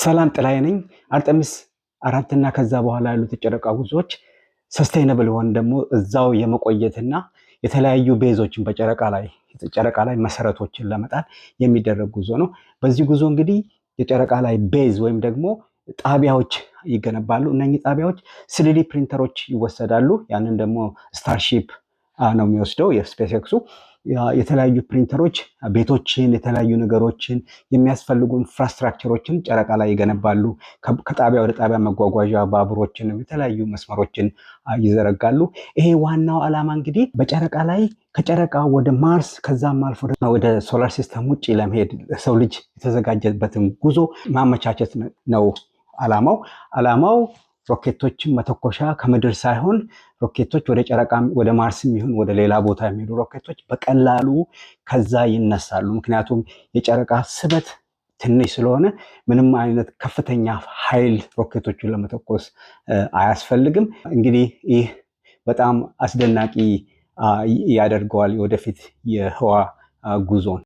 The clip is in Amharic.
ሰላም ጥላዬ ነኝ። አርጤምስ አራትና ከዛ በኋላ ያሉት የጨረቃ ጉዞዎች ሰስቴይነብል የሆን ደግሞ እዛው የመቆየትና የተለያዩ ቤዞችን በጨረቃ ላይ ጨረቃ ላይ መሰረቶችን ለመጣል የሚደረግ ጉዞ ነው። በዚህ ጉዞ እንግዲህ የጨረቃ ላይ ቤዝ ወይም ደግሞ ጣቢያዎች ይገነባሉ። እነኚህ ጣቢያዎች ስሪዲ ፕሪንተሮች ይወሰዳሉ። ያንን ደግሞ ስታርሺፕ ነው የሚወስደው የስፔስ ኤክሱ የተለያዩ ፕሪንተሮች ቤቶችን፣ የተለያዩ ነገሮችን የሚያስፈልጉ ኢንፍራስትራክቸሮችን ጨረቃ ላይ ይገነባሉ። ከጣቢያ ወደ ጣቢያ መጓጓዣ ባቡሮችን የተለያዩ መስመሮችን ይዘረጋሉ። ይሄ ዋናው ዓላማ እንግዲህ በጨረቃ ላይ ከጨረቃ ወደ ማርስ ከዛም አልፎ ወደ ሶላር ሲስተም ውጭ ለመሄድ ሰው ልጅ የተዘጋጀበትን ጉዞ ማመቻቸት ነው ዓላማው ዓላማው ሮኬቶችን መተኮሻ ከምድር ሳይሆን ሮኬቶች ወደ ጨረቃ ወደ ማርስ የሚሆን ወደ ሌላ ቦታ የሚሄዱ ሮኬቶች በቀላሉ ከዛ ይነሳሉ። ምክንያቱም የጨረቃ ስበት ትንሽ ስለሆነ ምንም አይነት ከፍተኛ ኃይል ሮኬቶችን ለመተኮስ አያስፈልግም። እንግዲህ ይህ በጣም አስደናቂ ያደርገዋል የወደፊት የህዋ ጉዞን